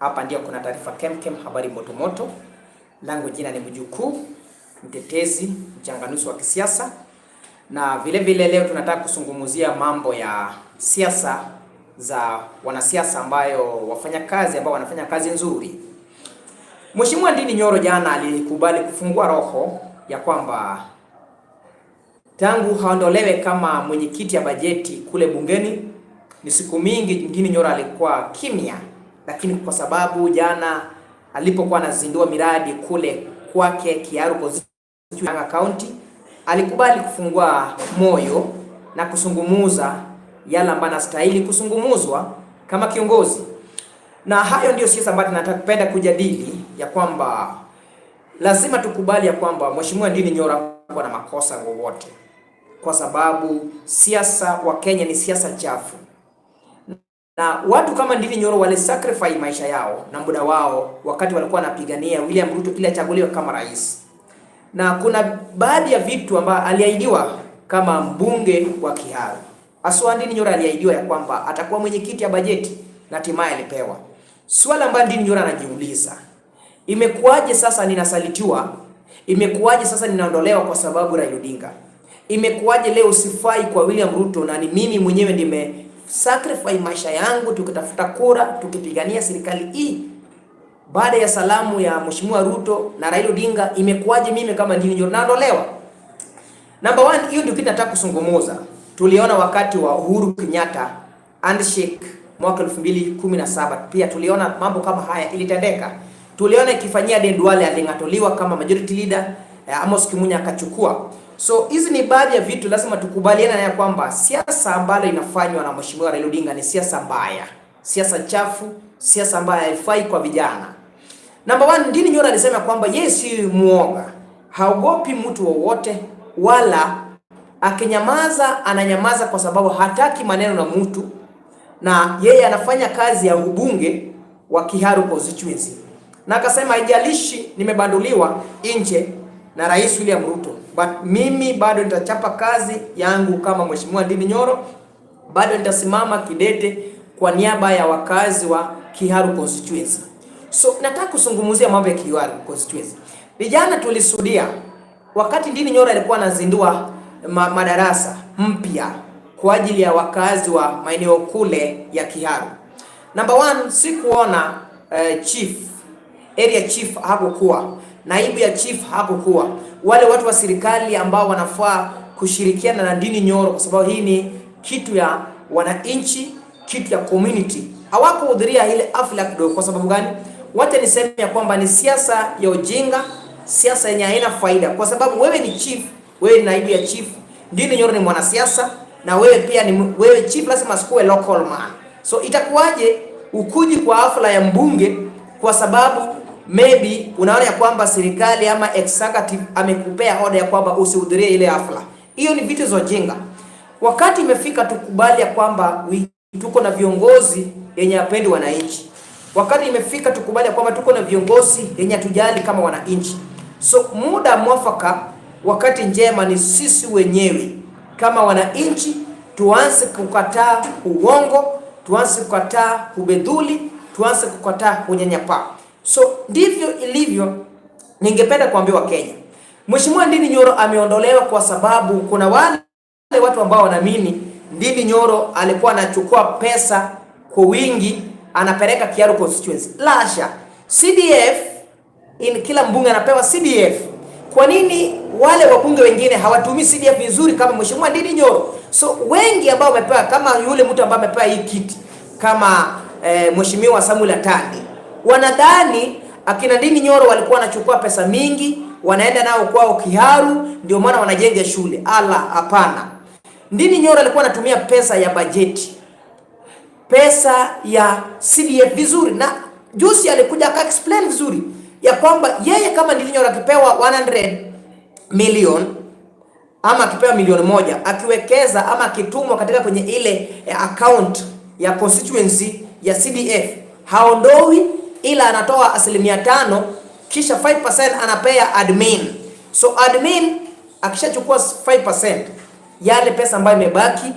Hapa ndio kuna taarifa kemkem, habari moto moto. Langu jina ni Mjukuu, mtetezi mchanganuzi wa kisiasa, na vile vile leo tunataka kuzungumzia mambo ya siasa za wanasiasa ambayo wafanya kazi ambao wanafanya kazi nzuri. Mheshimiwa Ndindi Nyoro jana alikubali kufungua roho ya kwamba tangu haondolewe kama mwenyekiti ya bajeti kule bungeni, ni siku mingi Ndindi Nyoro alikuwa kimya lakini kwa sababu jana alipokuwa anazindua miradi kule kwake Kiaru constituency County, alikubali kufungua moyo na kusungumuza yale ambayo anastahili kusungumuzwa kama kiongozi, na hayo ndiyo siasa ambayo tunataka kujadili, ya kwamba lazima tukubali ya kwamba Mheshimiwa Ndini Nyoro hakuwa na makosa wowote, kwa sababu siasa wa Kenya ni siasa chafu. Na watu kama Ndindi Nyoro wale sacrifice maisha yao na muda wao wakati walikuwa wanapigania William Ruto ili achaguliwe kama rais. Na kuna baadhi ya vitu ambayo aliahidiwa kama mbunge wa Kiharu. Aswa Ndindi Nyoro aliahidiwa ya kwamba atakuwa mwenyekiti ya bajeti na hatimaye alipewa. Swala ambalo Ndindi Nyoro anajiuliza, imekuwaje sasa ninasalitiwa? Imekuwaje sasa ninaondolewa kwa sababu Raila Odinga? Imekuwaje leo sifai kwa William Ruto na ni mimi mwenyewe ndime sacrifice maisha yangu tukitafuta kura, tukipigania serikali hii. Baada ya salamu ya Mheshimiwa Ruto na Raila Odinga, imekuwaje mimi kama ndio naondolewa? Number one, hiyo ndio kitu nataka kuzungumza. Tuliona wakati wa Uhuru Kenyatta handshake mwaka 2017 pia tuliona mambo kama haya ilitendeka. Tuliona ikifanyia Aden Duale aling'atuliwa kama majority leader, eh, Amos Kimunya akachukua So hizi ni baadhi ya vitu lazima tukubaliane na ya kwamba siasa ambayo inafanywa na Mheshimiwa Raila Odinga ni siasa mbaya, siasa chafu, siasa ambayo haifai kwa vijana. Namba one, Ndini Nyoro alisema kwamba yeye si muoga, haogopi mtu wowote wa wala akinyamaza ananyamaza kwa sababu hataki maneno na mtu, na yeye anafanya kazi ya ubunge wa Kiharu constituency, na akasema haijalishi nimebanduliwa nje na Rais William Ruto, but mimi bado nitachapa kazi yangu kama Mheshimiwa Ndindi Nyoro, bado nitasimama kidete kwa niaba ya wakazi wa Kiharu constituency. So nataka kuzungumzia mambo ya Kiharu constituency. Vijana tulisudia wakati Ndindi Nyoro alikuwa anazindua ma madarasa mpya kwa ajili ya wakazi wa maeneo kule ya Kiharu. Number one, sikuona uh, chief area chief hapo naibu ya chief hakukuwa. Wale watu wa serikali ambao wanafaa kushirikiana na dini nyoro, kwa sababu hii ni kitu ya wananchi, kitu ya community, hawakuhudhuria ile afla kidogo. Kwa sababu gani? Wacha niseme ya kwamba ni siasa ya ujinga, siasa yenye haina faida, kwa sababu wewe ni chief, wewe ni naibu ya chief, dini nyoro ni mwanasiasa na wewe pia ni wewe chief, lazima sikuwe local man. So itakuwaje ukuji kwa hafla ya mbunge kwa sababu maybe unaona ya kwamba serikali ama executive amekupea order ya kwamba usihudhurie ile hafla. Hiyo ni vitu za zojenga. Wakati imefika tukubali ya kwamba tuko na viongozi yenye apendi wananchi. Wakati imefika tukubali ya kwamba tuko na viongozi yenye tujali kama wananchi. So muda mwafaka, wakati njema ni sisi wenyewe kama wananchi, tuanze kukataa uongo, tuanze kukataa ubedhuli, tuanze kukataa unyanyapaa. So ndivyo ilivyo. Ningependa kuambia Wakenya, Mheshimiwa Ndindi Nyoro ameondolewa kwa sababu kuna wale watu ambao wanaamini Ndindi Nyoro alikuwa anachukua pesa kwa wingi anapeleka Kiaru constituency. Lasha, CDF in kila mbunge anapewa CDF. Kwa nini wale wabunge wengine hawatumii CDF vizuri kama Mheshimiwa Ndindi Nyoro? So wengi ambao wamepewa kama yule mtu ambaye amepewa hii kiti kama eh, Mheshimiwa Samuel Atandi wanadhani akina dini Nyoro walikuwa wanachukua pesa mingi wanaenda nao kwao Kiharu, ndio maana wanajenga shule. Ala, hapana. Dini Nyoro alikuwa anatumia pesa ya bajeti, pesa ya CDF vizuri, na juzi alikuja aka explain vizuri ya kwamba yeye kama Dini Nyoro akipewa 100 million ama akipewa milioni moja akiwekeza ama akitumwa katika kwenye ile eh, account ya constituency ya CDF haondoi ila anatoa asilimia tano, kisha 5% anapea admin. So admin akishachukua 5% yale pesa ambayo imebaki,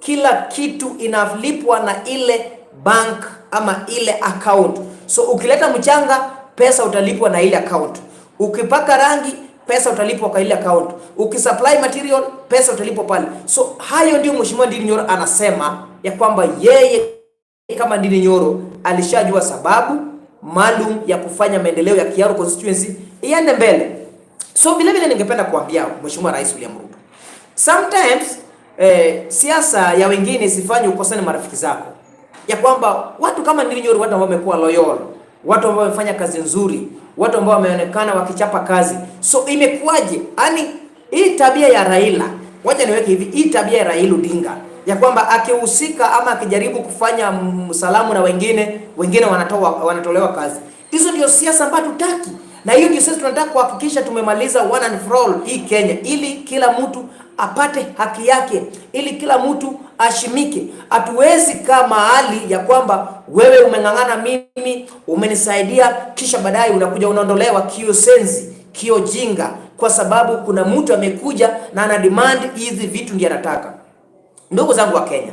kila kitu inalipwa na ile bank ama ile account. So ukileta mchanga, pesa utalipwa na ile account. Ukipaka rangi, pesa utalipwa kwa ile account. Ukisupply material, pesa utalipwa pale. So hayo ndio Mheshimiwa Ndindi Nyoro anasema ya kwamba yeye kama Ndindi Nyoro alishajua sababu maalum ya kufanya maendeleo ya Kiaru constituency iende mbele. So vile vile ningependa kuambia Mheshimiwa Rais William Ruto, sometimes eh, siasa ya wengine isifanye ukosane marafiki zako, ya kwamba watu kama Ndindi Nyoro, watu ambao wamekuwa loyal, watu ambao wamefanya kazi nzuri, watu ambao wameonekana wakichapa kazi. So imekuwaje? Yaani hii tabia ya Raila, wacha niweke hivi, hii tabia ya Raila Odinga ya kwamba akihusika ama akijaribu kufanya msalamu na wengine, wengine wanatoa wanatolewa kazi. Hizo ndio siasa ambazo tutaki, na hiyo ndio sisi tunataka kuhakikisha tumemaliza one and for all hii Kenya, ili kila mtu apate haki yake, ili kila mtu ashimike. Hatuwezi kaa mahali ya kwamba wewe umeng'ang'ana mimi, umenisaidia, kisha baadaye unakuja unaondolewa kio kiojinga, kwa sababu kuna mtu amekuja na ana demand hizi vitu ndiye anataka. Ndugu zangu wa Kenya,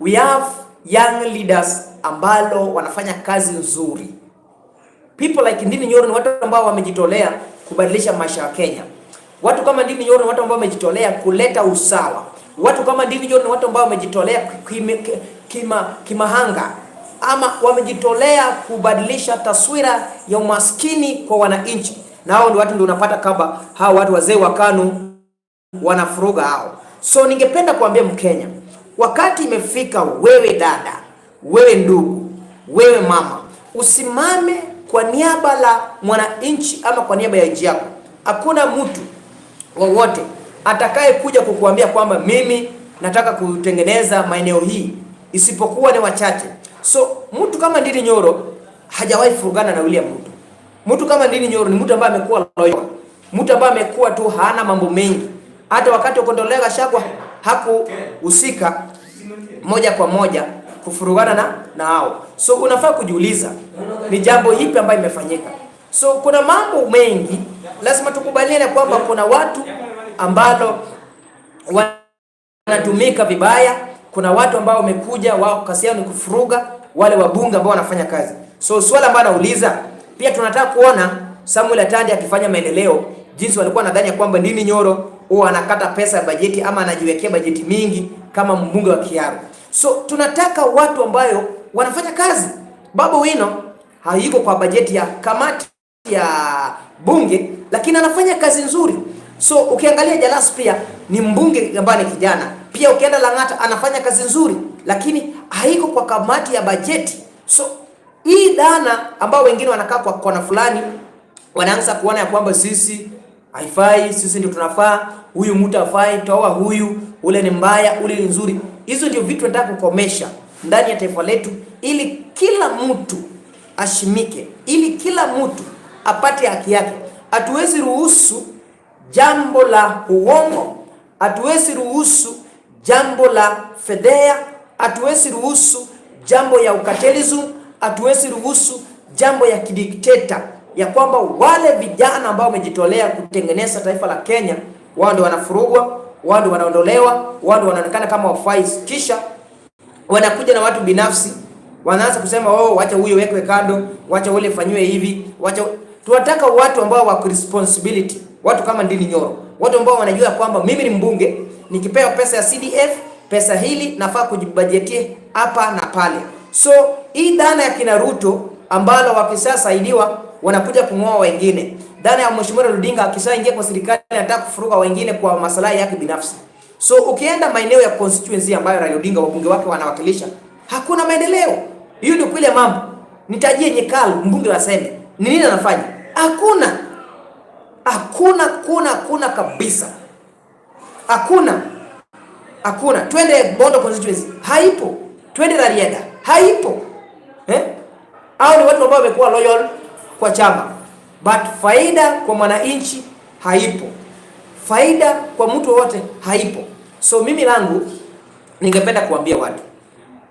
we have young leaders ambalo wanafanya kazi nzuri. People like Ndindi Nyoro ni watu ambao wamejitolea kubadilisha maisha ya Kenya. Watu kama Ndindi Nyoro ni watu ambao wamejitolea kuleta usawa. Watu kama Ndindi Nyoro ni watu ambao wamejitolea kimahanga kima, ama wamejitolea kubadilisha taswira ya umaskini kwa wananchi, na hao ndio watu ndio unapata kaba hao watu wazee wa KANU wanafuruga hao So ningependa kuambia Mkenya, wakati imefika wewe dada, wewe ndugu, wewe mama, usimame kwa niaba la mwananchi ama kwa niaba ya nchi yako. Hakuna mtu wowote atakaye kuja kukuambia kwamba mimi nataka kutengeneza maeneo hii, isipokuwa ni wachache. So mtu kama Ndindi Nyoro hajawahi furugana na William mtu. Mtu kama Ndindi Nyoro ni mtu ambaye amekuwa loyo, mtu ambaye amekuwa tu hana mambo mengi hata wakati wa kuondolewa Gachagua hakuhusika moja kwa moja kufurugana na na hao. So unafaa kujiuliza ni jambo hipi ambayo imefanyika. So kuna mambo mengi lazima tukubaliane kwamba kuna watu ambalo wanatumika vibaya, kuna watu ambao wamekuja wao kasi yao ni kufuruga wale wabunge ambao wanafanya kazi. So swala ambalo nauliza pia tunataka kuona Samuel Atandi akifanya maendeleo jinsi walikuwa nadhani ya kwamba nini Nyoro huwa anakata pesa ya bajeti ama anajiwekea bajeti mingi kama mbunge wa Kiharu. So tunataka watu ambayo wanafanya kazi. Babu Owino hayuko kwa bajeti ya kamati ya bunge, lakini anafanya kazi nzuri. So ukiangalia Jalas pia ni mbunge ambaye ni kijana pia. Ukienda Lang'ata anafanya kazi nzuri, lakini haiko kwa kamati ya bajeti. So hii dhana ambao wengine wanakaa kwa kona fulani wanaanza kuona ya kwamba sisi haifai, sisi ndio tunafaa, huyu mtu afai toa huyu, ule ni mbaya, ule ni nzuri. Hizo ndio vitu nataka kukomesha ndani ya taifa letu, ili kila mtu ashimike, ili kila mtu apate haki yake. Hatuwezi ruhusu jambo la uongo, hatuwezi ruhusu jambo la fedhea, hatuwezi ruhusu jambo ya ukatelizu, hatuwezi ruhusu jambo ya kidikteta ya kwamba wale vijana ambao wamejitolea kutengeneza taifa la Kenya, wao ndio wanafurugwa, wao ndio wanaondolewa, wao ndio wanaonekana kama wafais, Kisha wanakuja na watu binafsi, wanaanza kusema oh, wacha huyo wekwe kando, wacha ule fanywe hivi, wacha. Tunataka watu ambao wako responsibility, watu kama Ndindi Nyoro, watu ambao wanajua kwamba mimi ni mbunge, nikipewa pesa ya CDF, pesa hili nafaa kujibajetie hapa na pale. So hii dhana ya kina Ruto ambalo wakisasaidiwa wanakuja kung'oa wengine. Dhana ya Mheshimiwa Odinga akishaingia kwa serikali anataka kufuruka wengine kwa maslahi yake binafsi. So ukienda maeneo ya constituency ambayo Raila Odinga wabunge wake wanawakilisha, hakuna maendeleo. Hiyo ndio kile mambo. Nitajie Nyekalu mbunge wa Seme. Ni nini anafanya? Hakuna. Hakuna kuna kuna kabisa. Hakuna. Hakuna. Twende Bondo constituency. Haipo. Twende Rarieda. Haipo. Eh? Hao ni watu ambao wamekuwa loyal kwa chama, but faida kwa mwananchi haipo, faida kwa mtu wowote haipo. So mimi langu, ningependa kuambia watu,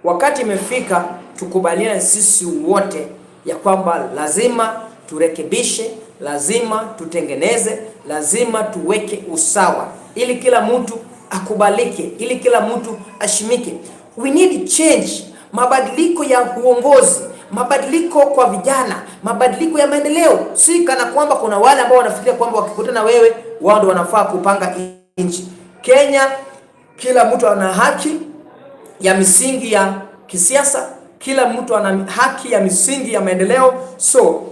wakati imefika tukubaliane sisi wote ya kwamba lazima turekebishe, lazima tutengeneze, lazima tuweke usawa ili kila mtu akubalike, ili kila mtu ashimike. We need change, mabadiliko ya uongozi, mabadiliko kwa vijana mabadiliko ya maendeleo. Si kana kwamba kuna wale ambao wanafikiria kwamba wakikutana wewe wao ndio wanafaa kupanga nchi. Kenya, kila mtu ana haki ya misingi ya kisiasa, kila mtu ana haki ya misingi ya maendeleo. So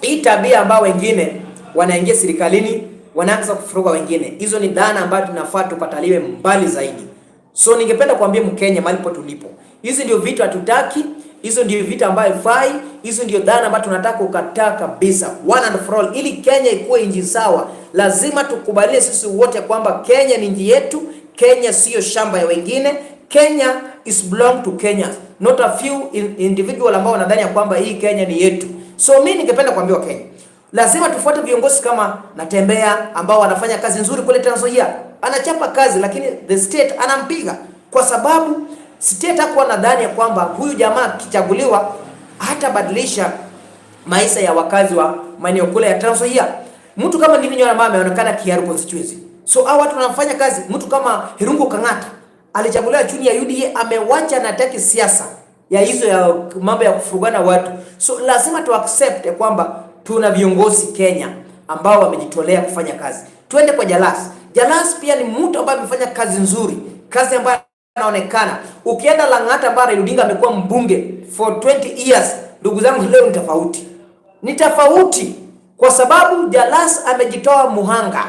hii tabia ambayo wengine wanaingia serikalini wanaanza kufuruga wengine, hizo ni dhana ambayo tunafaa tupataliwe mbali zaidi. So ningependa kuambia Mkenya, malipo tulipo, hizi ndio vitu hatutaki. Hizo ndio vita ambayo fai, hizo ndio dhana ambayo tunataka kukataa kabisa one and for all. Ili Kenya ikuwe nchi sawa, lazima tukubalie sisi wote kwamba Kenya ni nchi yetu, Kenya siyo shamba ya wengine. Kenya is belong to Kenya, not a few individual ambao wanadhani kwamba hii Kenya ni yetu. So mimi ningependa kuambia Kenya lazima tufuate viongozi kama Natembea ambao wanafanya kazi nzuri kule Tanzania, anachapa kazi, lakini the state anampiga kwa sababu kuwa nadhani ya kwamba huyu jamaa akichaguliwa badilisha maisha ya wakazi wa maeneo kule ya Trans Nzoia. Mtu kama ni Ndivyo ambaye ameonekana Kiharu constituency, so hao watu wanafanya kazi. Mtu kama Irungu Kang'ata alichaguliwa chini ya UDA, amewacha na taki siasa ya hizo ya mambo ya kufurugana watu. So lazima tu accept kwamba tuna viongozi Kenya ambao wamejitolea kufanya kazi. Twende kwa Jalas. Jalas pia ni mtu ambaye amefanya kazi nzuri, kazi ambayo Anaonekana ukienda Lang'ata bara Odinga amekuwa mbunge for 20 years. Ndugu zangu, leo ni tofauti, ni tofauti kwa sababu Jalas amejitoa muhanga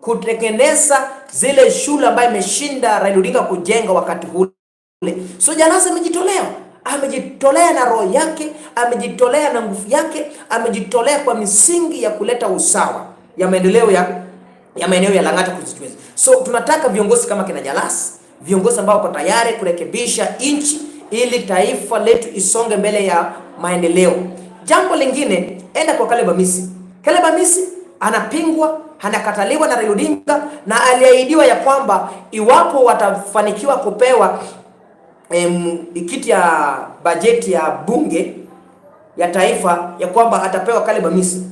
kutengeneza zile shule ambayo imeshinda Raila Odinga kujenga wakati ule. So Jalas amejitolea, amejitolea na roho yake, amejitolea na nguvu yake, amejitolea kwa misingi ya kuleta usawa ya maendeleo ya ya maeneo ya Lang'ata constituency. So tunataka viongozi kama kina Jalas viongozi ambao wako tayari kurekebisha nchi ili taifa letu isonge mbele ya maendeleo. Jambo lingine, enda kwa Caleb Amisi. Caleb Amisi anapingwa, anakataliwa na Raila Odinga na aliahidiwa ya kwamba iwapo watafanikiwa kupewa em, ikiti ya bajeti ya bunge ya taifa ya kwamba atapewa Caleb Amisi.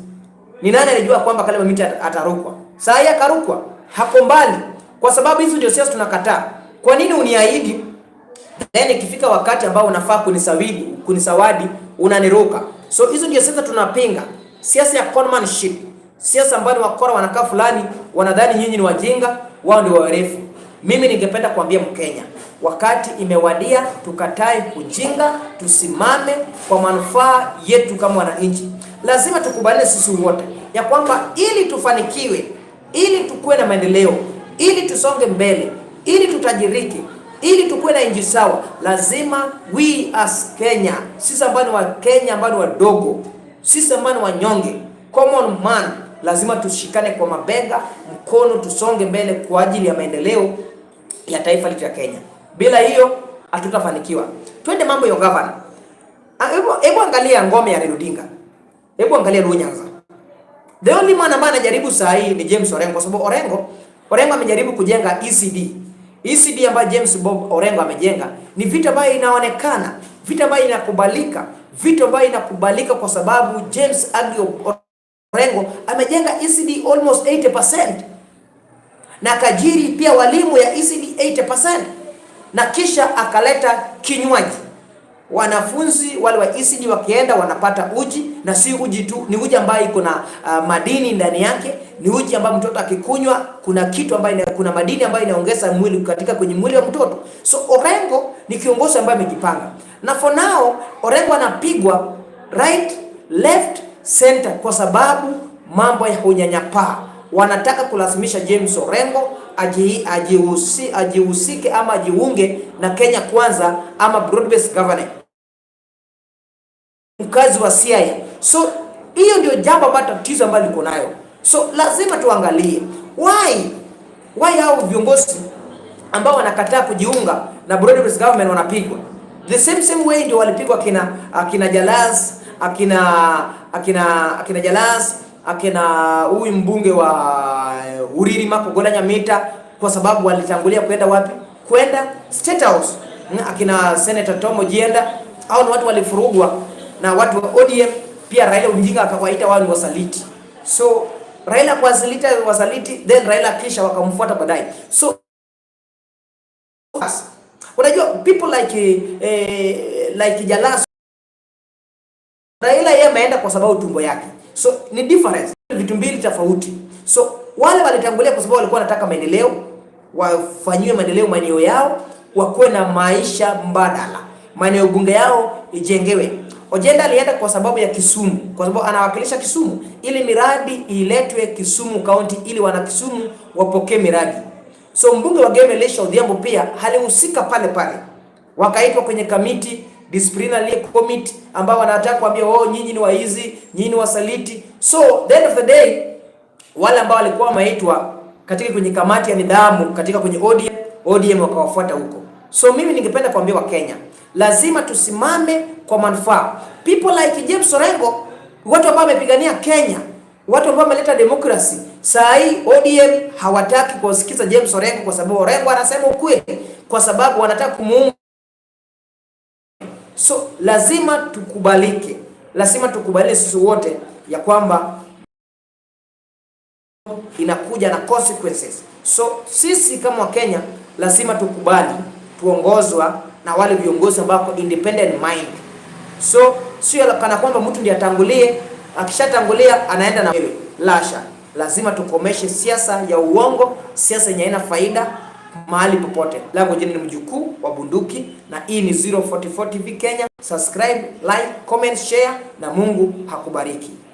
Ni nani anajua kwamba Caleb Amisi atarukwa? Saa hii akarukwa, hako mbali, kwa sababu hizi ndio siasa tunakataa. Kwa nini uniahidi then ikifika wakati ambao unafaa kunisawidi kunisawadi unaniruka? So hizo ndio sasa tunapinga siasa ya conmanship, siasa ambayo wakora wanakaa fulani wanadhani nyinyi ni wajinga, wao ndio warefu. Mimi ningependa kuambia Mkenya, wakati imewadia tukatae kujinga tusimame kwa manufaa yetu kama wananchi. Lazima tukubaliane sisi wote ya kwamba ili tufanikiwe, ili tukuwe na maendeleo, ili tusonge mbele ili tutajiriki, ili tukuwe na nchi sawa, lazima we as Kenya, sisi ambao ni wa Kenya, ambao ni wadogo, sisi ambao ni wanyonge, common man, lazima tushikane kwa mabega mkono, tusonge mbele kwa ajili ya maendeleo ya taifa letu ya Kenya. Bila hiyo hatutafanikiwa. Twende mambo ya governor. Ah, hebu angalia ngome ya Redudinga, hebu angalia Nyanza. The only man ambaye anajaribu saa hii ni James Orengo, kwa sababu Orengo Orengo amejaribu kujenga ECD hii CD ambayo James Bob Orengo amejenga ni vitu ambayo inaonekana, vitu ambayo inakubalika, vitu ambayo inakubalika kwa sababu James Agio Orengo amejenga ECD almost 80% na kajiri pia walimu ya ECD 80% na kisha akaleta kinywaji wanafunzi wale wa ECD wakienda wanapata uji, na si uji tu, ni uji ambayo iko na uh, madini ndani yake. Ni uji ambayo mtoto akikunywa, kuna kitu ambayo, ina, kuna madini ambayo inaongeza mwili katika kwenye mwili wa mtoto. So Orengo ni kiongozi ambaye amejipanga, na for now Orengo anapigwa right left center, kwa sababu mambo ya unyanyapaa wanataka kulazimisha James Orengo ajihusike aji aji ama ajiunge na Kenya Kwanza ama broad-based governance mkazi wa Siaya. So hiyo ndio jambo ambalo tatizo ambalo liko nayo, so lazima tuangalie why why hao viongozi ambao wanakataa kujiunga na broad-based government wanapigwa the same same way ndio walipigwa kina akina Jalaz akina akina akina Jalaz akina huyu mbunge wa eh, Uriri Mako Gola Nyamita, kwa sababu walitangulia kwenda wapi? Kwenda State House. Akina Senator Tom Ojienda, au ni watu walifurugwa na watu wa ODM pia Raila Odinga akawaita wao ni wasaliti. So Raila kuwasilita wasaliti, then Raila kisha wakamfuata baadaye. So unajua people like eh, eh like Jalasa Raila yeye ameenda kwa sababu tumbo yake, so ni difference, vitu mbili tofauti. So wale walitangulia kwa sababu walikuwa wanataka maendeleo, wafanyiwe maendeleo maeneo yao, wakuwe na maisha mbadala, maeneo bunge yao ijengewe. Ojenda alienda kwa sababu ya Kisumu, kwa sababu anawakilisha Kisumu ili miradi iletwe Kisumu kaunti, ili wana Kisumu wapokee miradi. So mbunge wa Game Elisha Odhiambo pia alihusika pale pale, wakaitwa kwenye kamiti disciplinary committee ambao wanataka kuambia wao, oh, nyinyi ni waizi, nyinyi ni wasaliti. So the end of the day wale ambao walikuwa wameitwa katika kwenye kamati ya nidhamu katika kwenye ODM, ODM wakawafuata huko. So mimi ningependa kuambia Wakenya lazima tusimame kwa manufaa. People like James Orengo, watu ambao wamepigania Kenya, watu ambao wameleta demokrasi. Saa hii ODM hawataki kuwasikiza James Orengo kwa sababu Orengo anasema ukweli, kwa sababu wanataka kumuunga. So lazima tukubalike, lazima tukubalike sisi wote ya kwamba inakuja na consequences. So sisi kama Wakenya lazima tukubali tuongozwa na wale viongozi ambao wako independent mind. So sio kana kwamba mtu ndiye atangulie, akishatangulia anaenda na wewe. Lasha, lazima tukomeshe siasa ya uongo, siasa yenye haina faida mahali popote. Lango jina ni mjukuu wa bunduki, na hii ni 044 TV Kenya. Subscribe, like, comment, share, na Mungu hakubariki.